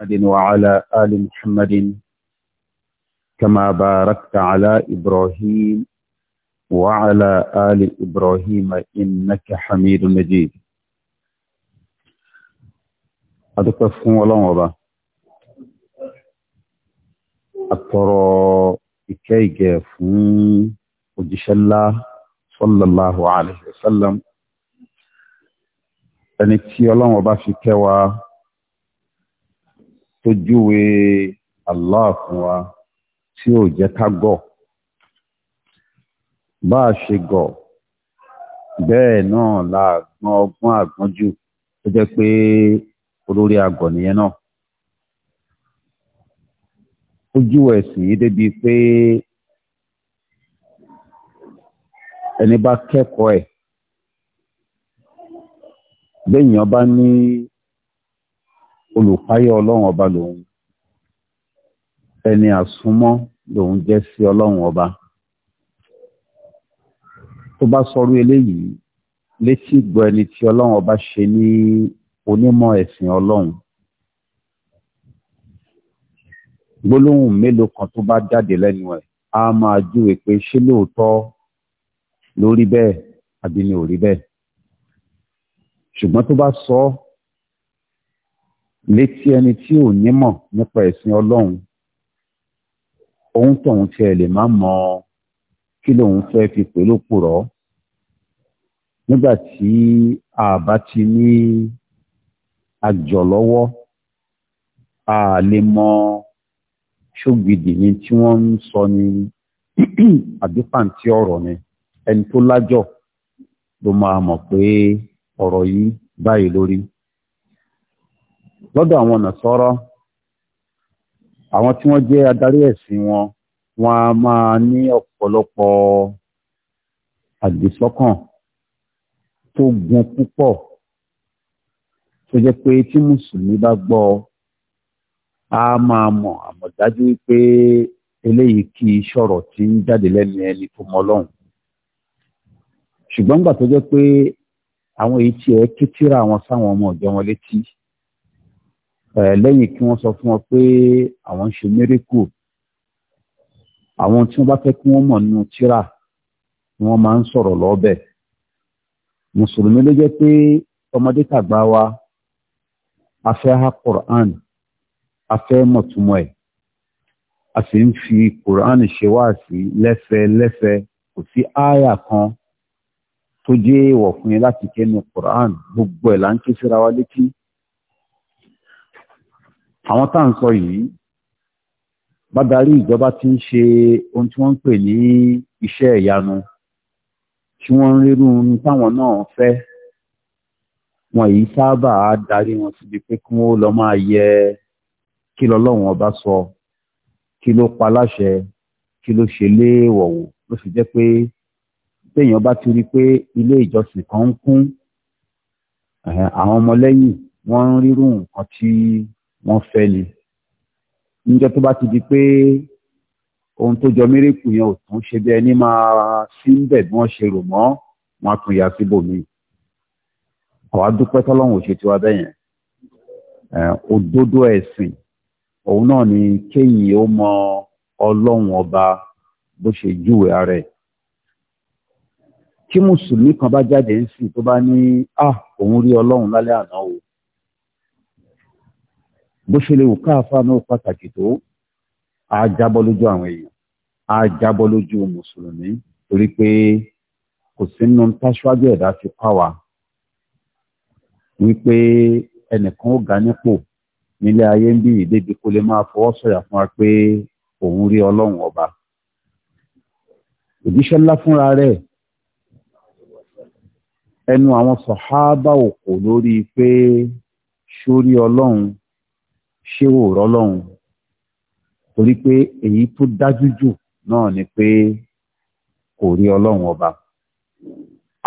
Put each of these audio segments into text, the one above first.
محمد وعلى آل محمد كما باركت على إبراهيم وعلى آل إبراهيم إنك حميد مجيد أدوك أفهم ولون وضع أترى إكي جافهم وجش الله صلى الله عليه وسلم أنك يولون وضع في كواه tó Allah fún wa tí ò jẹ ká gọ̀ bá a ṣe gọ̀ bẹ́ẹ̀ náà la gbọ́n ọgbọ́n àgbọ́njù tó jẹ́ pé olórí agọ̀ nìyẹn náà ó júwe yìí débi pé ẹni bá kẹ́kọ̀ọ́ ẹ̀ béèyàn bá ní olùpáyọ̀ ọlọ́run ọba lòun ẹni àsúnmọ́ lòun jẹ́ sí ọlọ́run ọba tó bá sọrú eléyìí létí gbọ́ ẹni tí ọlọ́run ọba ṣe ní onímọ̀ ẹ̀sìn ọlọ́run gbólóhùn mélòó kan tó bá jáde lẹ́nu ẹ̀ á máa júwe pé ṣé lóòótọ́ ló rí bẹ́ẹ̀ àbí ni ò rí bẹ́ẹ̀ ṣùgbọ́n tó bá sọ ọ́ létí ẹni tí ò nímọ̀ nípa ẹ̀sìn ọlọ́run ohun tóun tiẹ̀ lè má mọ kí lòun fẹ́ fi pè lópùrọ́ nígbà tí a bá ti ní àjọ a lè mọ ṣògbìdì ni tí wọ́n ń sọ ni àbí pàǹtí ọ̀rọ̀ ni ẹni tó lájọ̀ ló máa mọ̀ pé ọ̀rọ̀ yìí báyìí lórí lọ́dọ̀ àwọn nàṣọ́rọ́ àwọn tí wọ́n jẹ́ adarí ẹ̀sìn wọn wọn a máa ní ọ̀pọ̀lọpọ̀ àdìsọ́kàn tó gun púpọ̀ tó jẹ́ pé tí mùsùlùmí bá gbọ́ a máa mọ̀ àmọ̀dájú wípé eléyìí kì í sọ̀rọ̀ tí ń jáde lẹ́nu ẹni tó mọ Ọlọ́run ṣùgbọ́n gbà tó jẹ́ pé àwọn èyí tí ẹ kí tíra wọn sáwọn ọmọ ọ̀jọ́ wọn létí lẹ́yìn kí wọ́n sọ fún wọn pé àwọn ń ṣe mérékù àwọn tí wọ́n bá fẹ́ kí wọ́n mọ̀ nínú tírà ni wọ́n máa ń sọ̀rọ̀ lọ́ọ́bẹ̀ mùsùlùmí ló jẹ́ pé ọmọdé tàgbà wa a fẹ́ ha Qur'an a fẹ́ mọ̀túmọ̀ ẹ̀ a sì ń fi Qur'an ṣe wáàsí lẹ́fẹ̀lẹ́fẹ̀ kò sí ááyà kan tó jẹ́ ìwọ̀ fún yín láti kẹ́nu Qur'an gbogbo ẹ̀ là ń ké síra wa létí àwọn tá à ń sọ yìí bá darí ìjọba ti ń ṣe ohun tí wọ́n ń pè ní iṣẹ́ ìyanu tí wọ́n ń rírú ní táwọn náà fẹ́ wọn yìí sábà darí wọn síbi pé kí wọ́n lọ máa yẹ kí lọ́lọ́run ọba sọ kí ló pa láṣẹ kí ló ṣe léèwọ̀wò ló fi jẹ́ pé téèyàn bá ti rí i pé ilé ìjọsìn kan ń kún àwọn ọmọlẹ́yìn wọ́n ń rírú nǹkan tí Wọn fẹ ni níjọ́ tó bá ti di pé ohun tó jọ mérekù yẹn ò tún ṣe bí ẹni máa sí ń bẹ̀ bí wọ́n ṣe rò mọ́ wọn á tún ya síbòmíì àwa dúpẹ́ tọ́lọ́run ò ṣe tiwa bẹ́ẹ̀ yẹn òdodo ẹ̀sìn òun náà ni kéyìn ó mọ ọlọrun ọba bó ṣe júwe ara ẹ̀ kí mùsùlùmí kan bá jáde ń sìn tó bá ní à ah, òun rí ọlọ́run lálẹ́ àná o bó ṣe lè wù káàfà náà pàtàkì tó á jábọ́ lójú àwọn èèyàn á jábọ́ lójú mùsùlùmí torí pé kò sí nínú táṣíwájú ẹ̀dá ti pa wá wípé ẹnìkan ó ga nípò nílé ayé ń bí ìdébi kó lè máa fọwọ́ sọ̀yà fún wa pé òun rí ọlọ́run ọba òjíṣẹ́ ńlá fúnra rẹ̀ ẹnu àwọn sọ̀háábà òkò lórí pé sórí ọlọ́run ṣé ò rọ́lọ́hun torí pé èyí tó dájú jù náà ni pé kò rí ọlọ́run ọba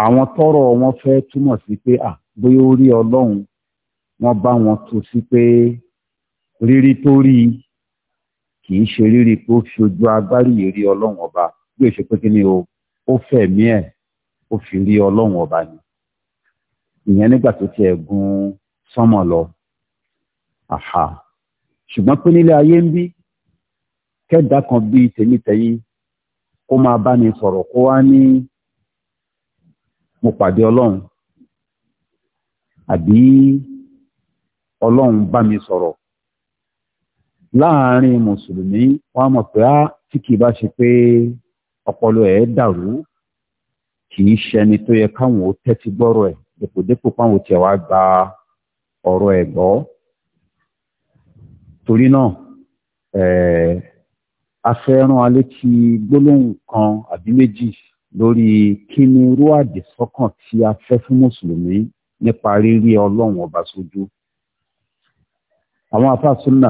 àwọn tọrọ wọn fẹ́ túmọ̀ sí pé à bóyá ó rí ọlọ́run wọ́n bá wọn tó sí pé rírí tó rí kì í ṣe rírí tó fi agbárí yìí rí ọlọ́run ọba bí ó pé kí ni o ó fẹ̀mí ẹ̀ ó fi rí ọlọ́run ọba ni ìyẹn nígbà tó tiẹ̀ gun sánmọ̀ lọ ṣùgbọ́n pé nílé ayé ń bí kẹ́dà kan bíi tèmítẹ̀yìn kó máa bá ní sọ̀rọ̀ kó wá ní mo pàdé ọlọ́run àbí ọlọ́run bá mi sọ̀rọ̀ láàárín mùsùlùmí wọn mọ̀ pé á tí kì í bá ṣe pé ọpọlọ ẹ̀ dàrú kì í ṣẹni tó yẹ káwọn ó tẹ́tí gbọ́rọ̀ ẹ̀ dépòdépò páwọn tiẹ̀ wá gba ọ̀rọ̀ ẹ̀ gbọ́ torí náà a fẹ́ rán wa létí gbólóhùn kan àbí méjì lórí kí ni irú àdìsọ́kàn tí a fẹ́ fún mùsùlùmí nípa rírí ọlọ́run ọba sójú àwọn afáàsúnà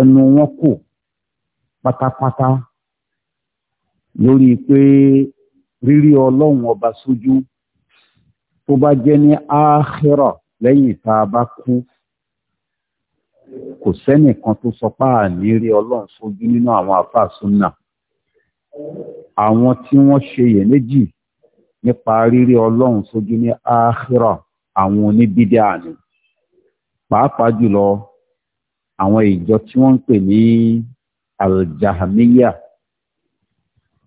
ẹnu wọn kò pátápátá lórí pé rírí ọlọ́run ọba sójú tó bá jẹ́ ní áhírà lẹ́yìn tá a bá kú kò sẹ́nìkan tó sọ pé àní rí ọlọ́run sójú nínú àwọn àfáà súnà àwọn tí wọ́n ṣe iyèméjì nípa rírí ọlọ́run sójú ní áhírà àwọn oníbídà ni pàápàá jùlọ àwọn ìjọ tí wọ́n ń pè ní aljahamiya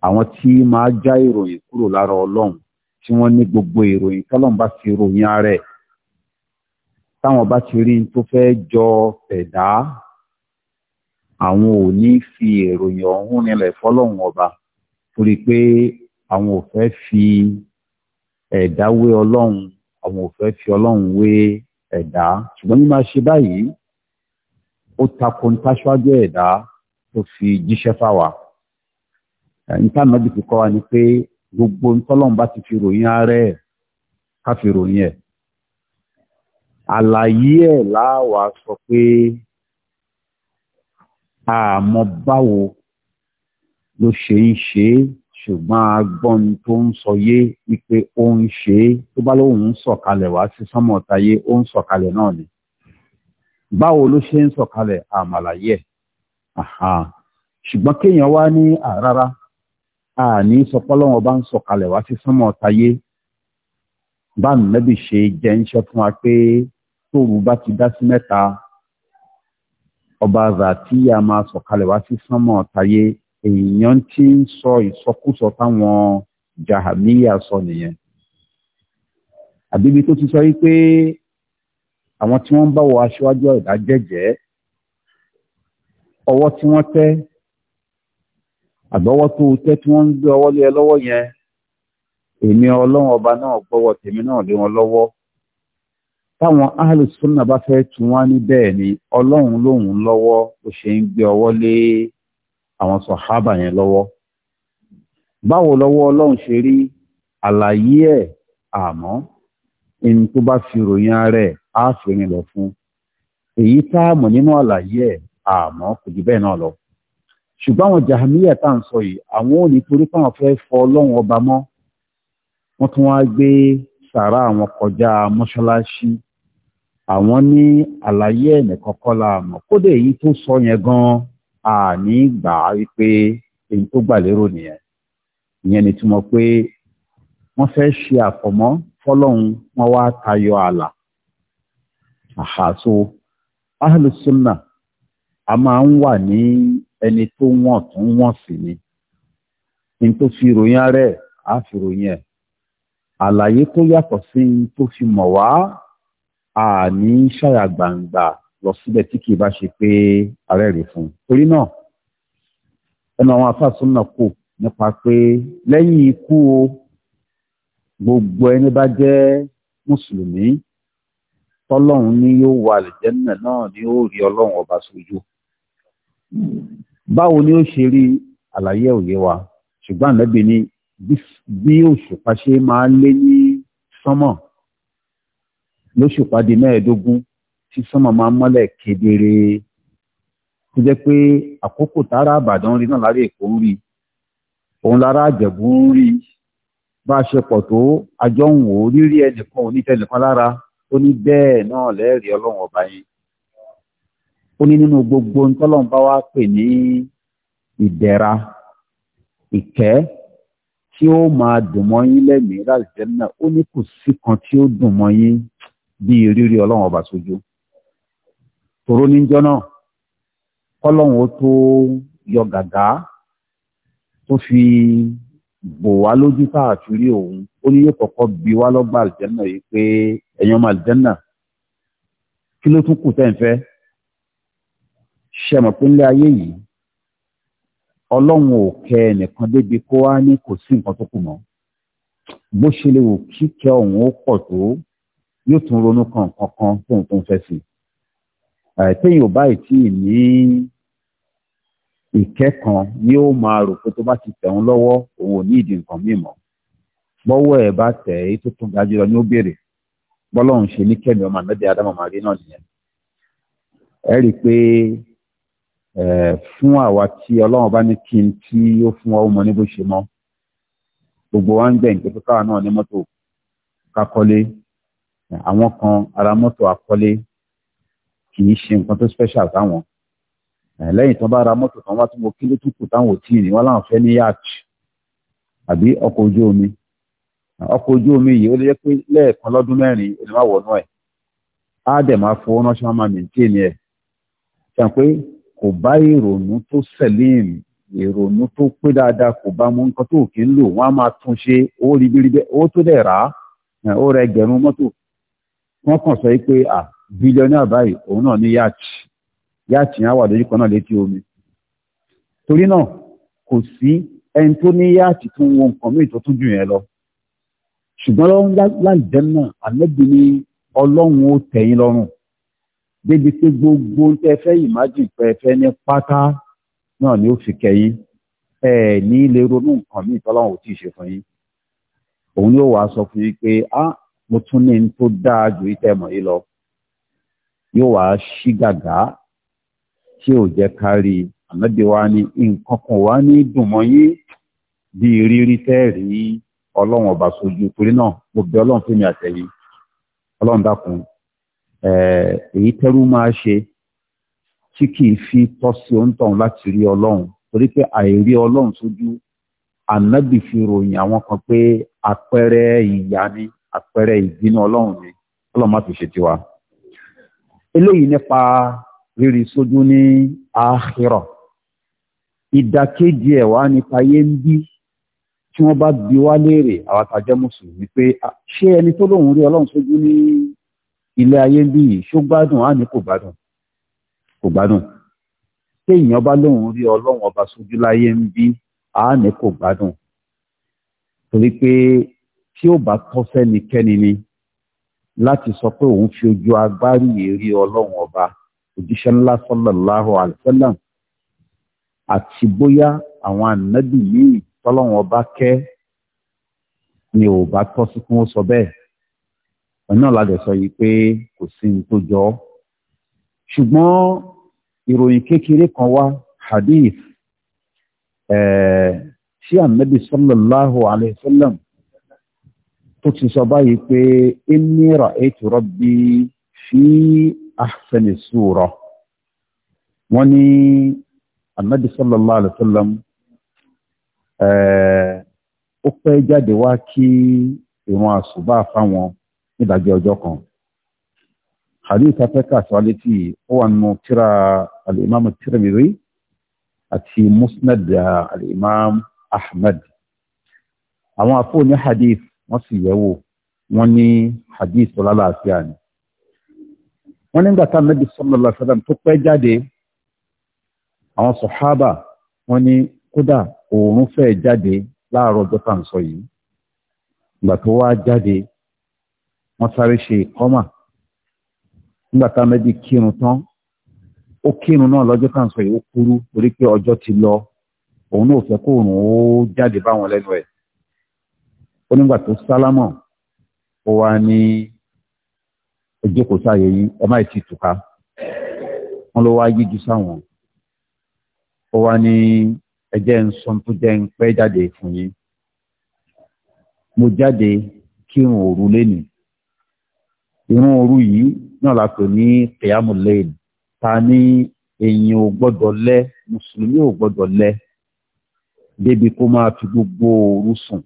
àwọn tí máa já ìròyìn kúrò lára ọlọ́run tí wọ́n ní gbogbo ìròyìn tọ́lọ́run bá fi ara ẹ̀ táwọn bá ti rí tó fẹ́ jọ tẹ̀dá àwọn ò ní fi èròyìn ọ̀hún nílẹ̀ fọ́lọ́hún ọba torí pé àwọn ò fẹ́ fi ẹ̀dá wé ọlọ́run àwọn ò fẹ́ fi ọlọ́run wé ẹ̀dá ṣùgbọ́n ní máa ṣe báyìí ó tako ní táṣáájú ẹ̀dá tó fi jíṣẹ́ fáwa níta náà bí kọ́ wa ni pé gbogbo ntọ́lọ́run bá ti fi ròyìn ara ẹ̀ ká fi ròyìn ẹ̀ àlàyé ẹ̀ láàwà sọ pé àmọ́ báwo ló ṣe ń ṣe é ṣùgbọ́n agbọ́n tó ń sọ yé wípé ó ń ṣe é tó bá lóun ń sọ̀kalẹ̀ wá sí sánmọ̀tayé ó ń sọ̀kalẹ̀ náà ni báwo ló ṣe ń sọ̀kalẹ̀ àmàlàyé ẹ̀ ṣùgbọ́n kéèyàn wá ní àrárá àní sọpọ́lọ́wọ́n bá ń sọ̀kalẹ̀ wá sí sánmọ̀tayé bá ṣe jẹ́ ń fún wa pé tóòrù bá ti dá sí mẹ́ta ọba zàtíyà máa sọ̀kalẹ̀ wá sí sánmọ̀ tayé èèyàn tí ń sọ ìsọkúsọ táwọn jahamiya sọ nìyẹn àbíbi tó ti sọ wípé àwọn tí wọ́n ń bá wọ aṣíwájú ìdájẹ́jẹ́ ọwọ́ tí wọ́n tẹ́ àgbọ́wọ́ tó tẹ́ tí wọ́n ń gbé ọwọ́ lé ẹ lọ́wọ́ yẹn èmi ọlọ́run ọba náà gbọ́wọ́ tèmi náà lé wọn lọ́wọ́ táwọn ahlùsùnà bá fẹ́ tún wá ní bẹ́ẹ̀ ni ọlọ́run lòun lọ́wọ́ ó ṣe ń gbé ọwọ́ lé àwọn sọ̀hábà yẹn lọ́wọ́ báwo lọ́wọ́ ọlọ́run ṣe rí àlàyé àmọ́ ẹni tó bá fi ròyìn á lọ fún èyí tá a mọ̀ nínú àlàyé ẹ̀ lọ ṣùgbọ́n jahamiya tá à ń sọ yìí àwọn ò ní torí ọba mọ́ wọ́n tún wá gbé àwọn kọjá àwọn ní àlàyé ẹnìkọ̀ọ̀kan la mọ̀ kódé èyí tó sọ yẹn gan àní gbà á wípé èyí tó gbà lérò nìyẹn ìyẹn ni túmọ̀ pé wọ́n fẹ́ ṣe àfọ̀mọ́ fọlọ́hún wọ́n wá tayọ ààlà àhàso ahlùsùnà a máa ń wà ní ẹni tó wọ̀n tó wọ̀n sí ni ní tó fi ròyìn rẹ̀ á fi àlàyé tó yàtọ̀ sí ní tó fi mọ̀ wá a ní ṣàyà gbangba lọ síbẹ̀ tí kìí bá ṣe pé ààrẹ rè fún un torí náà ẹnu àwọn afáàsùn náà kò nípa pé lẹ́yìn ikú o gbogbo ẹni bá jẹ́ mùsùlùmí tọ́lọ́run ní yóò wà àlìjẹ́nà náà ni ó rí ọlọ́run ọba sójú báwo ni ó ṣe rí àlàyé òye wa ṣùgbọ́n ànábì ni bí òṣùpá ṣe máa lé ní sánmọ̀ lóṣù pàdé mẹ́ẹ̀ẹ́dógún tí sánmọ̀ máa ń mọ́lẹ̀ kedere tó jẹ́ pé àkókò tára àbàdàn rí náà lára èkó ń rí òun lára àjẹ̀bú ń rí bá a ṣe pọ̀ tó àjọ ń wò ó rírí ẹnìkan onítẹnìkan lára ó ní bẹ́ẹ̀ náà lẹ́ẹ̀rí ọlọ́run ọba yẹn ó ní nínú gbogbo ohun tọ́lọ́run bá wá pè ní ìdẹ̀ra ìkẹ́ tí ó máa dùn mọ́ yín lẹ́mìí láti jẹ́ náà ó ní kò sí kan tí ó dùn mọ́ yín bí rírí ọlọ́run ọba sójú tòró níjọ́ náà kọ́lọ́run ó tó yọ gàgá tó fi bò wá lójú tá a fi rí òun ó ní yóò kọ́kọ́ bi wá lọ́gbà àlùjẹ́nà yìí pé ẹ̀yin ọmọ àlùjẹ́nà kí ló tún kù tẹ́ǹfẹ́ ṣẹmọ̀ pé ńlẹ̀ ayé yìí ọlọ́run ò kẹ ẹnìkan débi kó wá ní kò sí nǹkan tó kù mọ́ bó ṣe lè wò kíkẹ́ ọ̀hún ó pọ̀ tó yóò tún ronú kan kankan fóun tó ń fẹ́ sí i téèyàn ò báyìí tí ní ìkẹ́kan yóò máa rò pé tó bá ti tẹ̀ ń lọ́wọ́ òun ò ní ìdí nǹkan míì mọ́ bọ́wọ́ ẹ̀ bá tẹ̀ èyí tó tún ga jùlọ ni ó béèrè bọ́lọ́run ṣe ní kẹ́mi ọmọ àmẹ́bí adámọ̀ màrí náà nìyẹn ẹ rí i pé fún àwa tí ọlọ́run bá ní kí n tí ó fún ọ mọ ní bó ṣe mọ́ gbogbo wa ń gbẹ̀yìn pé káwa náà ní mọ́tò ká kọ́lé àwọn kan ara mọ́tò akọ́lé kì í ṣe nǹkan tó special táwọn lẹ́yìn tán bá ra mọ́tò kan wá tí mo kí ló tún kù táwọn ò ni wọ́n láwọn fẹ́ ní àbí ọkọ̀ ojú omi ọkọ̀ ojú omi yìí ó lè jẹ́ pé lẹ́ẹ̀kan lọ́dún mẹ́rin ó lè ẹ̀ á dẹ̀ máa ránṣẹ́ máa kò bá ìrònú tó sẹ̀lẹ́ẹ̀m ìrònú tó pé kò bá mú nǹkan lò wọ́n á máa owó tó dẹ̀ rà á ó rẹ wọ́n kàn sọ pé à bílíọ̀nù báyìí òun náà ní yáàtì yáàtì yẹn wà lójú kan náà létí omi torí náà kò sí ẹni tó ní yáàtì tó ń wo nǹkan míì tó tún jù yẹn lọ ṣùgbọ́n láìdẹ́m náà àlẹ́bí ni ọlọ́run ó tẹ̀yìn lọ́rùn débi pé gbogbo ń tẹ́ fẹ́ ìmájì pẹ́ fẹ́ ní pátá náà ni ó fi kẹ́yìn ẹ ní lè ronú nǹkan míì tọ́lọ́run ò tí ì ṣe fún yín òun yóò wá sọ fún yín pé ah mo tún ní n tó dáa ju ìtẹ̀mọ̀ yìí lọ yóò wá ṣí gàgá tí ò jẹ́ kárí ànábì wa ní nǹkan kan wá ní dùnmọ́ yín bí rírí tẹ́ẹ̀rí ọlọ́run ọba sójú torí náà mo bẹ ọlọ́run fún mi àtẹ̀yìn ọlọ́run dákun èyí tẹ́rú máa ṣe tí kì í fi tọ́ sí oúntọ̀hún láti rí ọlọ́run torí pé àìrí ọlọ́run sójú ànábì fi ròyìn àwọn kan pé àpẹẹrẹ ìyá ni àpẹẹrẹ ìbínú ọlọ́run ni ọlọ́run má fi ṣe tiwa eléyìí nípa rírí sójú ní àhírọ̀ ìdàkejì ẹ̀ wá nípa ayé ń bí tí wọ́n bá bi wá léèrè àwọn àtàjẹ́ mùsùlùmí pé ṣé ẹni tó lóun rí ọlọ́run sójú ní ilé ayé ń bí yìí ṣó gbádùn àní kò gbádùn kò gbádùn téèyàn bá lóun rí ọlọ́run ọba sójú láyé ń bí àní kò gbádùn torí pé tí ó bá tọ́ sẹ́nikẹ́ni ni láti sọ pé òun fi ojú agbárí èrí ọlọ́run ọba òjíṣẹ́ ńlá sallallahu alaihi wasallam àti bóyá àwọn ànábì míì tọ́lọ́run ọba kẹ́ ni ò bá tọ́ sí kí wọ́n sọ bẹ́ẹ̀ ọ̀nà ládẹ̀ sọ yìí pé kò sí ní tó jọ ṣùgbọ́n ìròyìn kékeré kan wá hadith eh, tí ànábì sallallahu alaihi tó ti sọ báyìí pé inni ra'aytu rabbi fi ahsani sura wọ́n ní anabi sallallahu alayhi wa sallam eh, ó pẹ́ jáde wá kí ìwọn àṣùbà fáwọn nídàgbé ọjọ́ kan hadith afẹ́kà sọ́lé tí ó wà nù tíra al-imam àti musnad al-imam àwọn afọ́ ní hadith wọ́n sì yẹ̀wò wọ́n ní hadith ọlálàáfíà ni wọ́n nígbà tá Ànábì sallallahu alaihi wasallam tó pẹ́ jáde àwọn sọ̀hábà wọ́n ní kódà òòrùn fẹ́ jáde láàárọ̀ ọjọ́ tá à ń sọ yìí ìgbà tó wá jáde wọ́n sáré ṣe ìkọ́mà nígbà tá Ànábì kírun tán ó kírun náà lọ́jọ́ tá à ń sọ yìí ó kúrú torí pé ọjọ́ ti lọ òun náà fẹ́ kóòrùn ó jáde báwọn lẹ́nu ẹ̀ ó nígbà tó sálámọ̀ ó wá ní ìjókòó sáyé yín ẹ má ti tùká wọn ló wá yíjú sáwọn ó wá ní ẹjẹ ń sọ tó jẹ ń pẹ́ jáde fún yín mo jáde kírun òru lẹni ìrun òru yìí náà la pè ní kìyàmù lẹyìn ta ní èyàn ò gbọ́dọ̀ lẹ mùsùlùmí ò gbọ́dọ̀ lẹ débi kó máa fi gbogbo òru sùn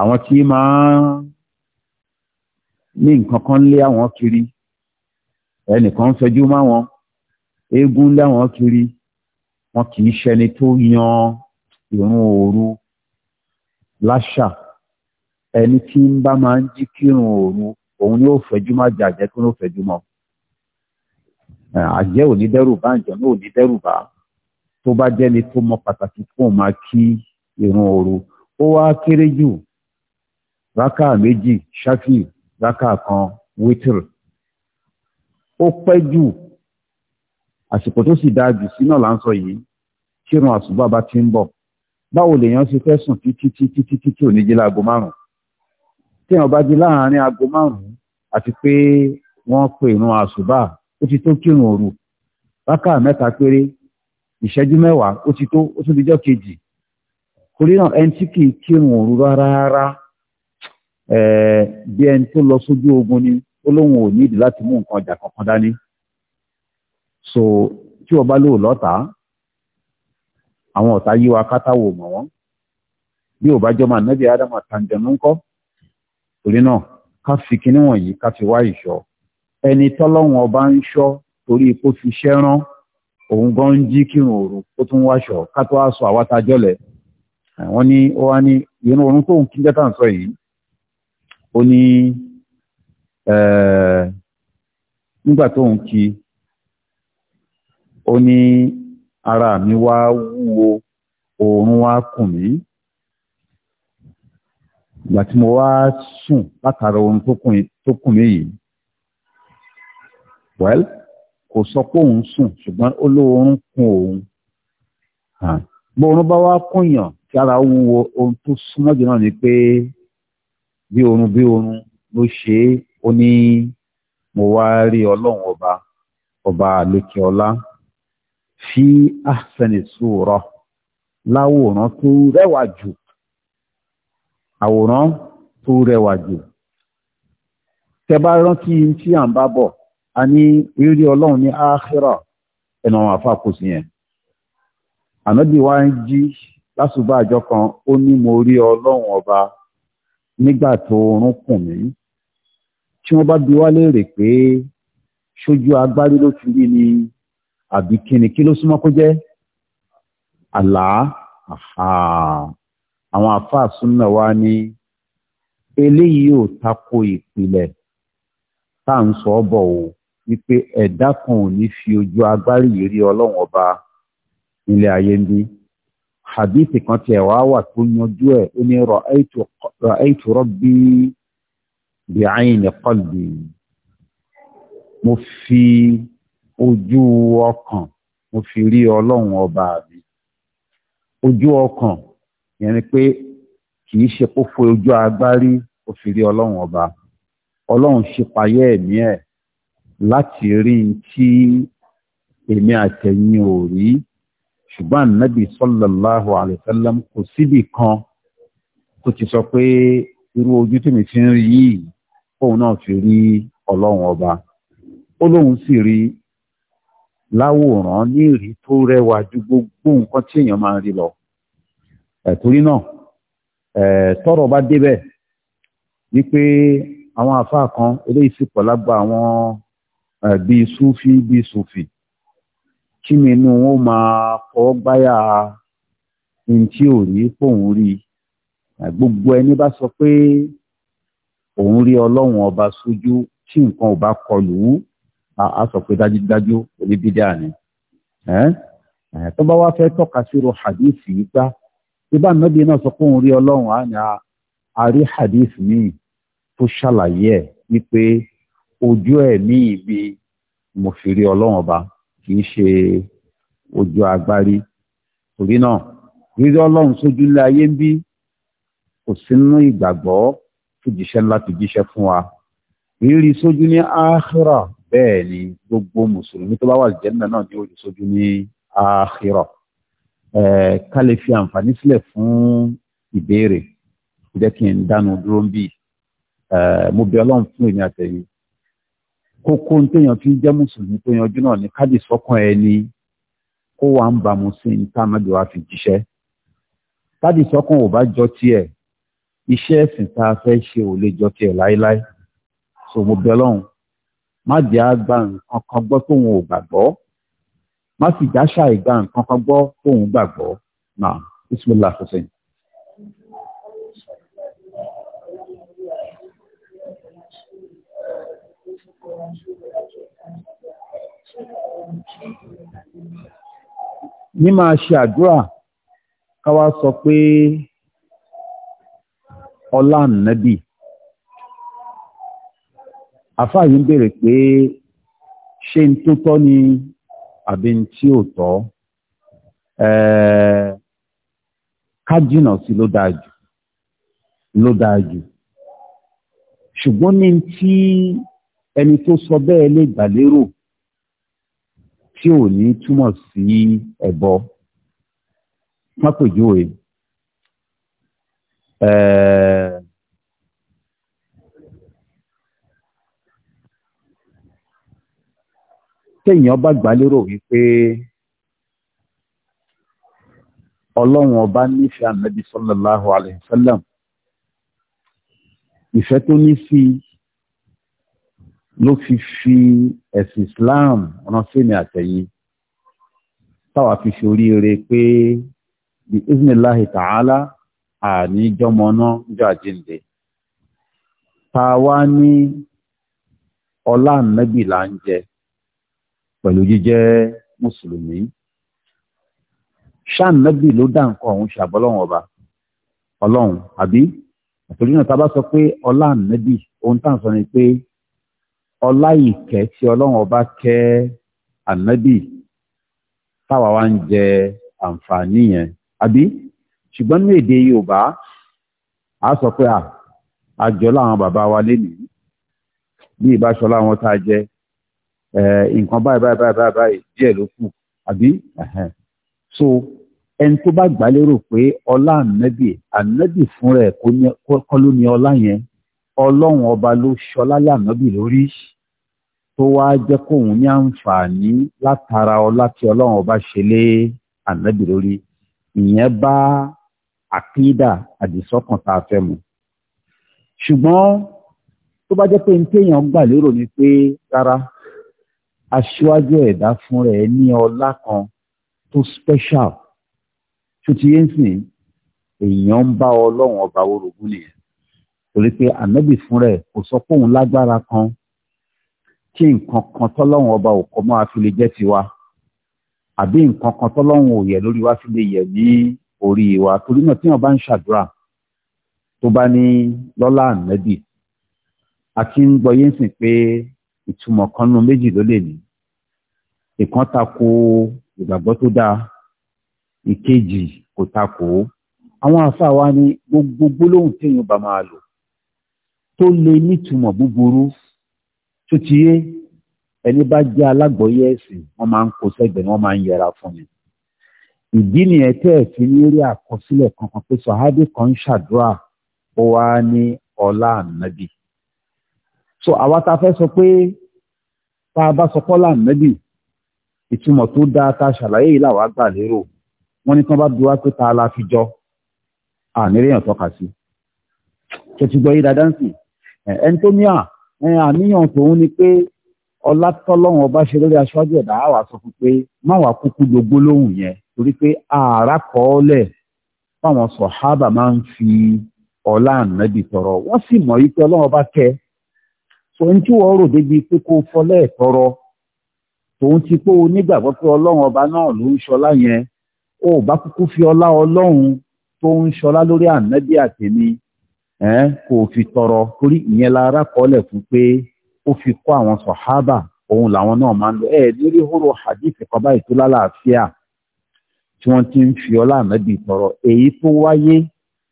àwọn tí máa ní nǹkan kan lé àwọn kiri ẹnìkan fẹjú mọ́ wọn eégún lé àwọn kiri wọn kì í ṣẹni tó yan ìrun òru láṣà ẹni tí ń bá máa ń jí kírun òru òun ni ó fẹjú má jàjẹ tó ló fẹjú mọ́ àjẹ́ ò àjọ ní dẹ́rù tó bá jẹ́ni tó mọ pàtàkì fún òun máa kí ìrun òru ó wá kéré jù rákà méjì ṣáfì rákà kan wítìrì ó pẹ́ jù àsìkò tó sì dáa jù sínú là ń sọ yìí kírun àsùbá bá ti ń bọ̀ báwo lèèyàn ṣe fẹ́ sùn títí títí títí tí ò ní jí láago márùn-ún téèyàn bá jí láàárín aago márùn-ún àti pé wọ́n pe ìrun àsùbá ó ti tó kírun òru rákà mẹ́ta péré ìṣẹ́jú mẹ́wàá ó ti tó ó tún di jọ́ kejì torí náà ẹni tí kì í kírun òru rárá rárá bí ẹni tó lọ sójú ogun ni ó lóun ò nídìí láti mú nǹkan ọjà kankan dání so tí o bá lóò lọ́ta àwọn ọ̀tá yí wa kátàwò mọ̀ wọ́n bí ò bá jọ máa nẹ́bí adam àtàǹjẹ̀nú ńkọ́ torí náà ká fi kíní wọ̀nyí ká fi wá ìṣọ́ ẹni tọ́lọ́run ọba ń ṣọ́ torí kó fi iṣẹ́ rán òun gan ń jí kírun òru kó tún wáṣọ ká tó wá sọ àwátajọ́lẹ̀ wọ́n ní ó wá ní irun orun tóun kí ń sọ yìí ó ní nígbà tó ń kí ó ní ara mi wá wúwo oorun wá kùn mí ìgbà tí mo wá sùn látara oorun tó kùn mí yìí well kò sọ pé òun sùn ṣùgbọ́n ó lóorun kùn òun bóorun bá wá kùn yàn tí ara wúwo ohun tó súnmọ́ jù náà ni pé bí oorun bí oorun ló ṣe é ó ní mo wá rí ọlọ́run ọba ọba àlékè ọlá fi ahsani sura láwòrán tó rẹwà jù àwòrán tó rẹwà jù tẹ rántí tí à ń bá bọ̀ a ní rírí ọlọ́run ní áhírà ẹnu àwọn àfàkóso yẹn ànábì wa ń jí lásùbà kan ó ní mo rí ọlọ́run ọba nígbà tó oorun kùn mí tí wọ́n bá bi wá léèrè pé ṣojú agbárí ló ti rí ni àbí kíni kí ló súnmọ́ kó jẹ́ àlá àwọn àfáà súnmọ́ wa ní eléyìí ò tako ìpìlẹ̀ tá à ń sọ ọ́ bọ̀ o wípé ẹ̀dá kan ò ní fi ojú agbárí yìí rí ọlọ́run ọba nílé ayé ń bí hadithi kan tiẹ̀ wá wà tó yanjú ẹ̀ ó ní ra'aytu rabbi bi'ayni qalbi mo fi ojú ọkàn mo fi rí ọlọ́run ọba mi ojú ọkàn yẹn ni pé kì í ṣe kó fo ojú agbárí ó fi rí ọlọ́run ọba ọlọ́run ṣe payẹ́ ẹ̀mí ẹ̀ láti rí tí èmi àtẹ̀yìn ò rí ṣùgbọ́n ànábì sallallahu alaihi wasallam kò síbì kan tó ti sọ pé irú ojú tèmi fi ń rí yìí òun náà fi rí ọlọ́run ọba ó lóun sì rí láwòrán ní ìrí tó rẹwà ju gbogbo nǹkan tí èèyàn máa ń rí lọ torí náà tọrọ bá débẹ̀ wípé àwọn àfáà kan eléyìí sì pọ̀ lágbà àwọn bíi súfì bíi súfì tí mi inú wọn máa fọwọ́ gbáyà ní tí ò rí fóun rí gbogbo ẹni bá sọ pé òun rí ọlọ́run ọba sójú tí nǹkan ò bá kọlù ú a sọ pé dájúdájú oníbídà ni tó bá wá fẹ́ tọ́ka síro hadith yìí gbá tí bá nàbí náà sọ pé òun rí ọlọ́run á ní a rí hadith míì tó ṣàlàyé ẹ̀ wípé ojú ẹ̀ ní ibi mo fi rí ọlọ́run ọba kì í ṣe ojú agbárí torí náà rírí ọlọ́run sójú ilé ayé ń bí kò sínú ìgbàgbọ́ fìjíṣẹ́ ńlá ti jíṣẹ́ fún wa rírí sójú ní áhírà bẹ́ẹ̀ ni gbogbo mùsùlùmí tó bá wà jẹ́nà náà ní ojú sójú ní áhírà ká lè fi àǹfààní sílẹ̀ fún ìbéèrè jẹ́ kí n dánu dúró ń bì mo bẹ̀ ọlọ́run fún èmi àtẹ̀yìn kókó téèyàn fi ń jẹ́ mùsùlùmí tó yanjú náà ní kádì sọ́kàn ẹni kó wà ń bámu sí ní táàmàdì wa fi jíṣẹ́ kádì sọ́kàn ò bá jọ tiẹ̀ iṣẹ́ ẹ̀sìn tá a fẹ́ ṣe ò lè jọ tiẹ̀ láéláé so mo bẹ lọ́hùn má jẹ́ àgbà nǹkan kan gbọ́ tóun ò gbàgbọ́ má sì jáṣà ìgbà nǹkan kan gbọ́ tóun gbàgbọ́ náà bismillah hussein. ní máa ṣe àdúrà káwá sọ pé ọlá nàbì àfáà yìí ń béèrè pé ṣé n tó tọ́ ni àbí n tí ò tọ́ ká jìnà sí ló dáa jù ló dáa jù ṣùgbọ́n ní tí ẹni tó sọ bẹ́ẹ̀ lè gbà lérò tí ò ní túmọ̀ sí ẹ̀bọ mọ́pèjúwe téèyàn bá gbà lérò wípé ọlọ́run ọba nífẹ̀ẹ́ ànábi sallallahu alaihi wasallam ìfẹ́ tó ní sí i ló fi fi ẹ̀sìn Islam ránṣẹ́ mi àtẹ̀yìn táwa fi ṣe oríire pé bí iznillahi ta'ala àní jọmọ́ná jọ àjíǹde táwa ní ọlá nẹ́bì là ń jẹ pẹ̀lú jíjẹ́ mùsùlùmí ṣáà nẹ́bì ló dá nǹkan ọ̀hún ṣàbọ́lọ́wọ́n ọba ọlọ́run àbí àtòlú náà sọ pé ọlá nẹ́bì ohun tá ni pé ọlá ìkẹ́ tí ọlọ́run ọba kẹ́ ànábì táwa wá ń jẹ àǹfààní yẹn àbí ṣùgbọ́n ní èdè yorùbá a sọ pé àjọ láwọn bàbá wa lénìí bí ìbáṣọlá wọn tá a jẹ nǹkan báyìí báyìí báyìí báyìí díẹ̀ ló kù àbí so ẹni tó bá gbà lérò pé ọlá ànábì ànábì fúnra ẹ̀ kọ́ ló ní ọlá yẹn ọlọ́run ọba ló ṣọlá lé ànábì lórí tó wá jẹ́ kóun ní àǹfààní látara ọlá tí ọlọ́run ọba ṣe lé ànábì lórí ìyẹn bá àkídà àdìsọ́kàn tá a fẹ́ mu. ṣùgbọ́n tó bá jẹ́ pé ní téèyàn gbà lérò ni pé rárá aṣíwájú ẹ̀dá fún rẹ̀ ní ọlá kan tó special tó ti yé ń sìn èèyàn ń bá ọlọ́run ọba orogún nìyẹn torí pé ànábì fún rẹ̀ kò sọ pé òun lágbára kan kí nǹkan kan tọ́lọ́run ọba òkọ máa fi lè jẹ́ tiwa àbí nǹkan kan tọ́lọ́run ò yẹ lórí wa fi lè yẹ ní orí wa torí náà tí wọ́n bá ń ṣàdúrà tó bá ní lọ́lá ànẹ́bì a ti ń gbọ́ yín sìn pé ìtumọ̀ kan nínú méjì ló lè ní ìkan tako ìgbàgbọ́ tó dáa ìkejì kò tako àwọn àfáà wa ní gbogbo gbólóhùn téèyàn bá máa lò tó lè nítumọ̀ búburú tó ti yé ẹni bá jẹ́ alágbọ̀yé ẹ̀sìn wọ́n máa ń kó sẹ́gbẹ̀ẹ́ wọ́n máa ń yẹra fún mi. ìdí nìyẹn tẹ́ ẹ̀ fi ní rí àkọsílẹ̀ kankan pé sọ̀hádì kan ṣàdúrà ó wá ní ọlá ànábì. so àwa ta fẹ́ sọ pé tá a bá sọ kọ́lá ànábì ìtumọ̀ tó dáa ta ṣàlàyé yìí làwọn àgbà lérò wọ́n ní kí bá bi wá pé ta la fi jọ àníréyàn tọ́ka sí. ṣètìgbọ́ yìí dáadáa ń sìn ẹni tó àníyàn tòun ni pé ọlá tọ́lọ́run ọba ṣe lórí aṣáájú ẹ̀dá àwà sọ fún pé má wàá kúkú gbogbo lóhùn yẹn torí pé ààrá kọ́ọ́lẹ̀ fáwọn sọ̀hábà máa ń fi ọlá ànábì tọrọ wọ́n sì mọ̀ yí pé ọlọ́run ọba kẹ́ sọ ní tí wọ́n rò débi pé kó fọlẹ́ tọrọ tòun ti pé o nígbàgbọ́ pé ọlọ́run ọba náà ló ń ṣọlá yẹn o ò bá kúkú fi ọlá ọlọ́run tó ń ṣọlá lórí ànábì àtẹ̀mí ẹ́n kò fi tọrọ torí ìyẹn lára kọ́lẹ̀ fún pé ó fi kọ́ àwọn sọ̀hábà ohun làwọn náà máa ń lọ ẹ̀ lórí hóró hadith kan báyìí lálàáfíà tí wọ́n ti ń fi ọlá tọrọ èyí tó wáyé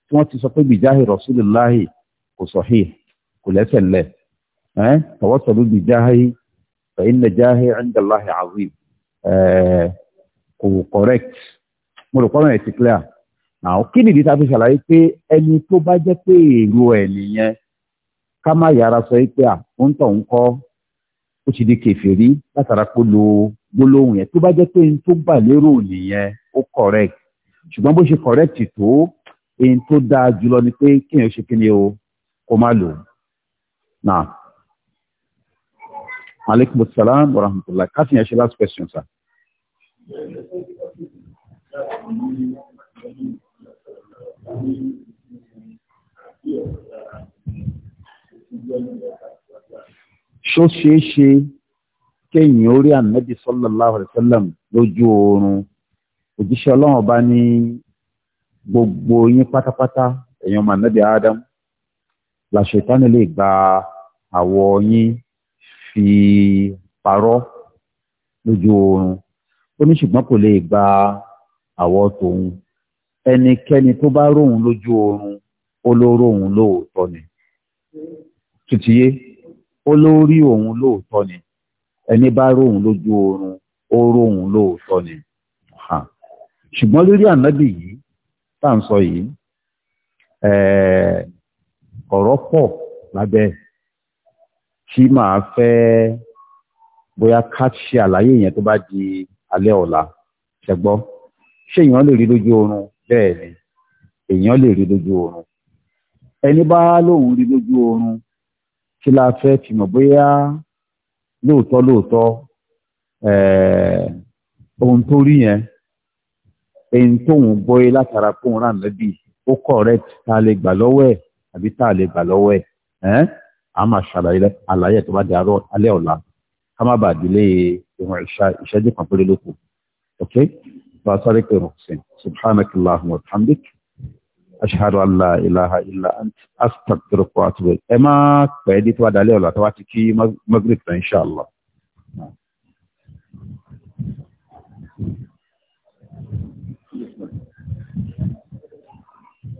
tí wọ́n ti sọ pé bìjáhì kò sọ̀hì kò lẹ́sẹ̀ ńlẹ̀ jáhì ẹ̀ńdàláhì àwìn àwọn kí nìdí tá a fi ṣàlàyé pé ẹni tó bá jẹ́ pé èrò ẹ̀ nìyẹn ká má yára sọ pé à ń tọ̀ ń kọ́ ó ti di kèfèrí látara pé lo gbólóhùn yẹn tó bá jẹ́ pé n tó gbà lérò nìyẹn ó correct ṣùgbọ́n bó ṣe correct tó n tó dáa jùlọ ni pé kéèyàn ṣe kí ni o kó má lò náà. Aleykum salaam wa rahmatulah. Káfíń ẹ ṣe last question, sir ṣó ṣeé ṣe kéèyàn ó ànábì sallallahu alaihi wasallam lójú oorun òjíṣẹ́ ọlọ́run ọba ní gbogbo yín pátápátá èèyàn ọmọ ànábì Adam làṣetánì lè gba àwọ̀ yín fi parọ́ lójú oorun ó ní ṣùgbọ́n kò lè gba àwọ̀ tòun ẹnikẹ́ni tó bá róhun lójú oorun olóró òun lóòótọ́ ni tùtìyé olórí òun lóòótọ́ ni ẹni bá róhun lójú oorun ó róhun lóòótọ́ ni ṣùgbọ́n lórí ànábì yìí tá à ń sọ yìí eh, ọ̀rọ̀ pọ̀ lábẹ́ tí màá fẹ́ bóyá ká ṣe àlàyé yẹn tó bá di alẹ́ ọ̀la ṣẹgbọ́ ṣé èèyàn lè rí lójú oorun bẹ́ẹ̀ ni èèyàn lè rí lójú oorun ẹni bá lóun rí lójú oorun kí la fẹ́ fi mọ̀ bóyá lóòótọ́ lóòótọ́ eh, ohun tó rí yẹn ẹni tóun gbọ́yé látara kóun rà mẹ́bí ó correct tá a lè gbà lọ́wọ́ ẹ̀ àbí tá a lè gbà lọ́wọ́ ẹ̀ a máa ṣàlàyé àlàyé tó bá di àárọ̀ alẹ́ ọ̀la ká má bàa délé ìwọ̀n ìṣẹ́jú kan péré lóko ok. بصرك ومحسن سبحانك اللهم وبحمدك أشهد أن لا إله إلا أنت أستغفرك وأتوب إليك أما بعد توعد عليه ولا تواتكي مغرب إن شاء الله